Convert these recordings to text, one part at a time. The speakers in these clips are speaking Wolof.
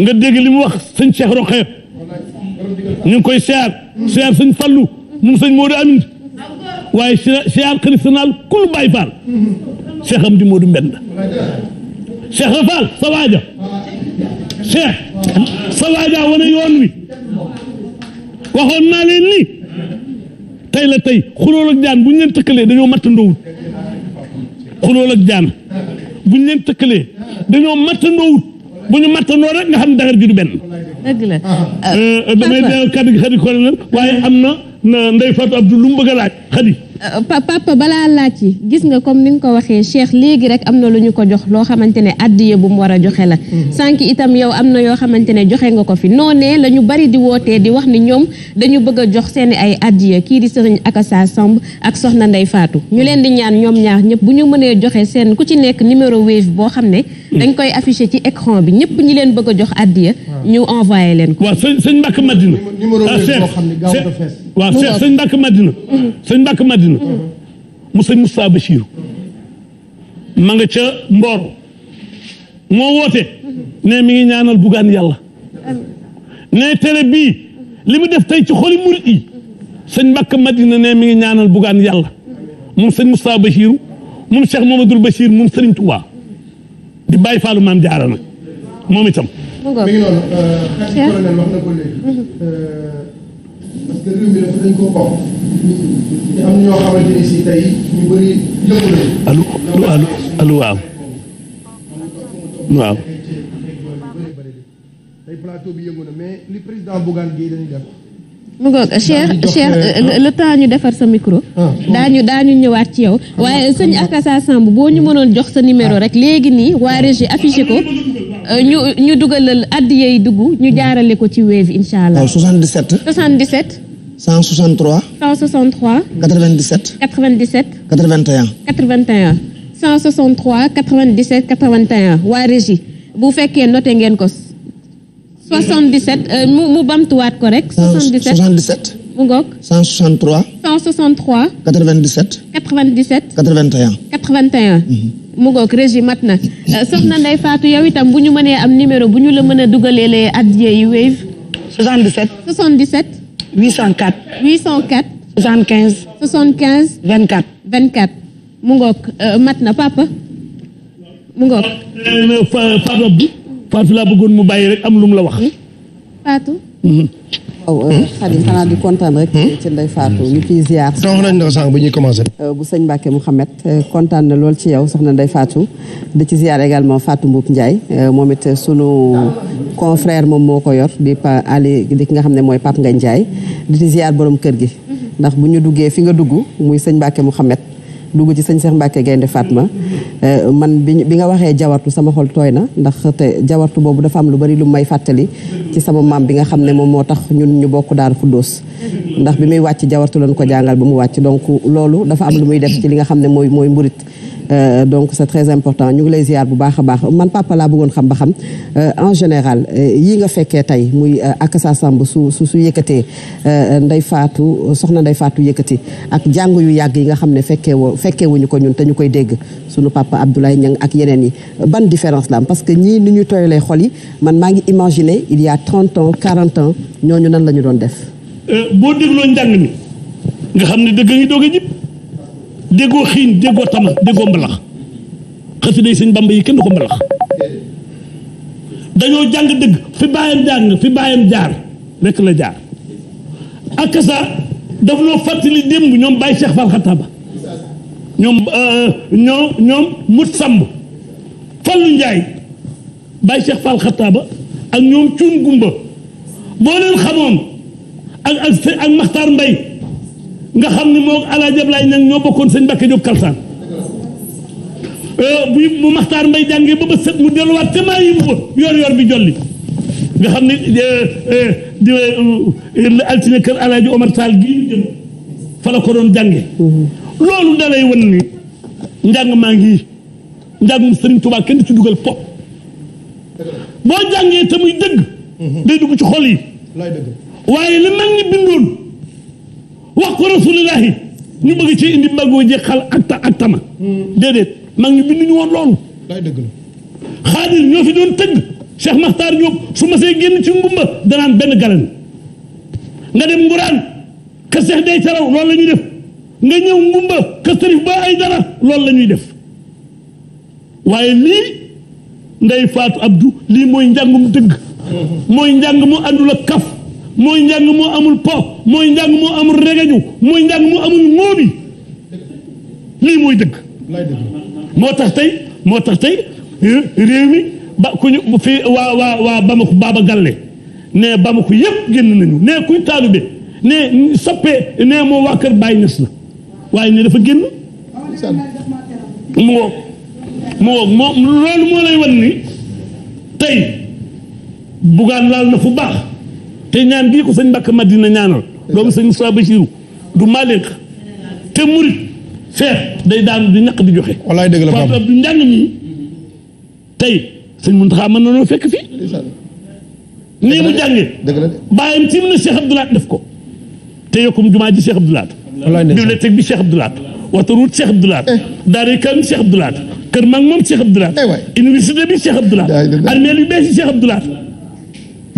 nga dégg li mu wax sëñ Cheikh Roqe ñu koy siyaar siyaar sëñ Fallu moom sëñ Modou Amin waaye siyaar xarit naal kul Baay Faal Cheikh am di Modou Mbend Cheikh Rafal sa waaja Cheikh sa waaja yoon wi waxoon naa leen ni tey la tey xulool ak jaan bu ñu leen tëkkalee dañoo matt ndowut xulool ak jaan bu ñu leen tëkkalee dañoo matt ndowut bu ñu mattanoo rek nga xam ne Dakar gi du benn. dëgg la eh, eh, damay delloo kàddu gi xadi waaye am na Ndeye Fatou Abdou lu mu bëgg a laaj xadi Euh, papa balaa laaj yi gis nga comme ni nga ko waxee Cheikh léegi rek am na lu ñu ko jox loo xamante ne addiye bu mu war a joxe la mhm. sànq itam yow am na yoo xamante ne joxe nga ko fi noonee la ñu bari di wootee di wax ni ñoom dañu bëgg a jox seen ay addiye kii di sëriñ Akassa Samb ak soxna Ndey Faatu ñu leen di ñaan ñoom ñaar ñëpp bu ñu mënee joxe seen ku ci nekk numéro wave boo xam ne mhm. dañ koy affiché ci écran bi ñëpp ñi leen bëgg jox addiye ñu envoyé leen ko waaw sëñ sëñ Mbàkke Madina ah, waaw sëñ Mbàkke Madina mhm. sëñ Mbàkke Madina Bachir mu sëñ Moustapha Bachir ma nga ca Mboro moo woote ne mi ngi ñaanal bugaan yàlla ne télé bii li mu def tey ci xoli murit yi sëñ Mbàkke na ne mi ngi ñaanal bugaan yàlla moom sëñ Moustapha Bachir moom Cheikh Mamadou Bachir moom sëriñ Touba di bàyyi faalu maam jaara nag moom itam parce que réew mi dafa dañ koo bokk te am na ñoo xamante ñu le temps ñu defar sa micro. Ah, daañu daañu ñëwaat ci yow. Ah, waaye sëñ Akassa Samb boo ñu mënoon jox sa numéro ah. rek léegi nii waa régie affiché Euh, ñu ñu dugalal addiya yi dugg ñu jaarale ko ci Wave incha allah. waaw 77. 77. 163. 163. 97. 97. 81. 81 163 97 81 waa régie bu fekkee note ngeen ko. 77 euh, mu mu bamtuwaat ko rek. 77 77. mu ngoog. 163. 163. 97. 97. 81. 81. mu ngoog régie mat na euh, na Ndeye faatu yow itam bu ñu mënee am numéro bu ñu la mën a dugalee les addiya yi Wave. 77. 77. 804. 804. 75. 75. 24. 24 mu ngoog euh, mat na papa mu ngoog. Fatou euh, laa bëggoon mu bàyyi rek am lu mu la wax. Fatou. Mhm. waaw Xadim euh, hmm? xanaa di kontaan rek. Hmm? ci Ndeye Fatou ñu ciy ziar. soxna hmm. nañ la bu ñuy commencé. Euh, bu sëñ Mbacke Mouhamed euh, kontaan na lool ci yow soxna Ndeye faatu di ci ziar également Fatou Mboup njaay moom it sunu confrère moom moo ko yor di pa Ali di ki nga xam ne mooy Pape nga Ndiaye di ci ziar boroom kër gi. ndax bu ñu duggee fi nga dugg muy sëñ Mbacke Mouhamed. dugg ci sëñ Cheikh Mbacke Gaynde ma euh, man bi bi nga waxee jawartu sama xol tooy na ndax te jawartu boobu dafa am lu bari lu may fàttali ci sama maam bi nga xam ne moom moo tax ñun ñu bokk Daaru Xuddoos ndax bi muy wàcc jawartu lañ ko jàngal ba mu wàcc donc loolu dafa am lu muy def ci li nga xam ne mooy mooy mburit Euh, donc c'est très important ñu ngi lay ziar bu baax a baax man papa laa xam ba xam euh, en général euh, yi nga fekkee tey muy Akassa Samb su su su yëkkatee Ndeye faatu soxna Ndeye Fatou yëkkati ak jàng yu yàgg yi nga xam ne fekkee woo fekkee wuñu ko ñun te ñu koy dégg sunu papa Abdoulaye Niang ak yeneen yi ban différence la parce que ñii ni tooy lay xol yi man maa ngi imaginer il y a 30 ans 40 ans ñooñu nan la ñu doon def. boo dégloo njàng mi nga xam ne déggoo xiin déggoo tama déggoo mbalax yi sëñ Bamba yi kenn du ko mbalax dañoo jàng dëgg fi bàyyam jaar nga la jaar ak sa daf noo fàttali démb ñoom Baye Cheikh Fall Xataaba ñoom euh, ñoom ñoom mut sàmb Fallu Njaay Baye Cheikh Fall Xataaba ak ñoom cuun gumba boo leen xamoon ak ak Mbay nga xam ni moo Alaaji Ablaay nag ñoo bokkoon sëñ Mbàkke Jóob kalsaan euh, bu bu Maxtaar Mbay jàngee ba ba mu delluwaat te maa yi mu yor yor bi jolli nga xam ni euh, euh, di altine kër Alaaji Omar Tall gii ñu jëm mhm. loolu da lay wan ni njàng maa ngi njàngum Sëriñ Tuubaa kenn ci dugal pop boo jàngee te muy dëgg mhm. day dugg ci xol yi waaye li mag ñi bindoon wax ko rasulullahi ñu bëgg ci indi mbagoo jeexal ak ta ak tama déedéet mag ñu binduñu woon loolu xaadir ñoo fi doon tëgg Cheikh Makhtar Diop su ma see génn ci ngumba danaan benn galan nga dem nguraan ka Cheikh day taraw loolu la ñuy def nga ñëw ngumba ka Serif ba ay dara loolu la ñuy def waaye lii nday faatu abdou lii mooy njàng mu dëgg mooy njàng mu àndul ak kaf mooy njàng moo amul po mooy njàng moo amul regeñu mooy njàng moo amul ngóobi lii mooy dëgg moo tax tey moo tax tey eh, réew mi ba ku ñu fii waa waa waa Bamako Baba Galle ne Bamako yëpp génn nañu ne kuy taalube ne sappee ne moo waa kër Baay Ñas la waaye ne dafa génn mu ngoog mu ngoog moo loolu moo lay wan ni tey bugaan laal na fu baax te ñaan bii ko sëñ Mbàkke Madina ñaanal doomu sëñ Moussa Bachirou du Malick te murit feex day daanu di ñaq di joxe wallaay dëgg la Pape njàng mi tey sëñ Muntaxa mën na noo fekk fii nii mu jàngee bàyyam tiim na Cheikh Abdoulaat def ko te yokkum jumaa ji Cheikh Abdoulaat bibliothèque bi Cheikh Abdoulaat autoroute Cheikh Abdoulaat eh. daara kan Cheikh Abdoulaat kër mag moom Cheikh Abdoulaat eh université bi Cheikh Abdoulaat armée yu bees yi Cheikh Abdoulaat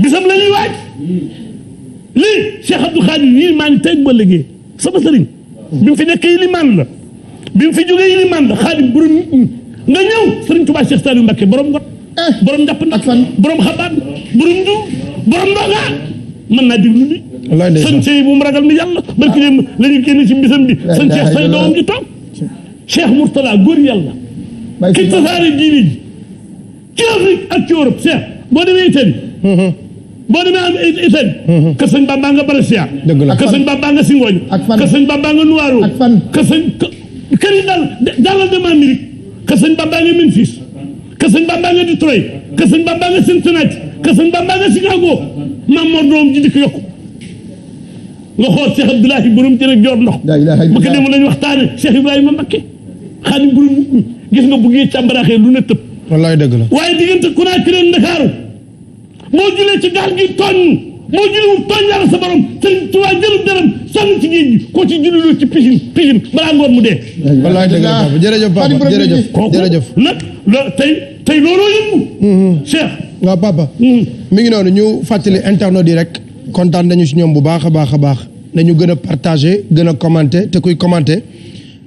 bisam la ñuy waaj lii Cheikh Abdou Khadir yii maa ngi teg ba léegi sama sëriñ bi mu fi nekk ilimaan la bi mu fi jógee ilimaan la xaadim borom nit ñi na ñëw sëriñ Tuubaa Cheikh Saliou Mbacké borom ngot borom njàpp ndax naa déglu li sëñ Cheikh bu mu ragal mi yàlla barki dem la ñu génn ci bisam bi sëñ Cheikh say doom gi toog Cheikh Mourtala góor yàlla ki tasaare diine ji ci Afrique ak ci Europe Cheikh boo demee Italie mm-hmm. boo demee am Italie. Mm-hmm. kër sëñ Bamba nga Brescia. dëgg la kër sëñ Bamba nga Singoñ. ak fan kër sëñ Bamba nga Nuwaru. ak fan kër sëñ kër yi daal daal dem Amérique. kër sëñ Bamba nga Memphis. kër sëñ Bamba nga Detroit. kër sëñ Bamba nga Cincinnati. kër sëñ Bamba nga Chicago. maam Mor doom ji di ko yokku. nga xool Cheikh Abdoulahi borom jërë joor ndox. bu ko demee lañu waxtaane Cheikh Ibrahima Mbacké. xaalis borom gis nga bu ngeen càmbaraaxee lu ne dëgg la waaye diggante ku naa moo julee ci gaal gi tooñ moo julee tooñ yàlla sa borom sëriñ Tuubaa jëlum dërëm sànni ci géej gi ci jullilu balaa ngoon mu dee. wallaahi dëgg la jërëjëf papa jërëjëf jërëjëf nag la tey tey looloo yëngu. Mm-hmm. Cheikh. waaw papa. Mm. mi ngi noonu ñu fàttali internet yi rek kontaan nañu si ñoom bu baax a baax a baax nañu gën a partagé gën a commenté te kuy commenté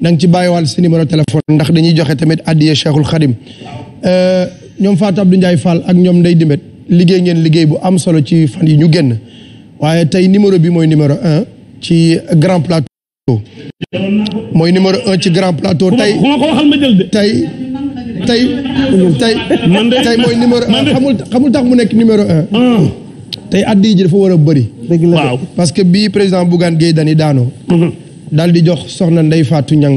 na nga ci bàyyiwaal sa numéro téléphone ndax dañuy joxe tamit addiya Cheikhul Khadim euh, ñoom Fatou Abdou Ndiaye Fall ak ñoom Ndeye Dimet liggéey ngeen liggéey bu am solo ci fan yi ñu génn waaye tey numéro bi mooy numéro un ci grand plateau. mooy numéro un ci grand plateau tey tey tey tey tey mooy numéro xamul tax mu nekk numéro un tey addi ji dafa war a parce que bii président Bougane Gueye Dany daano mhm. daal di jox soxna Ndeye Fatou ñan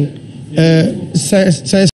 euh, cinq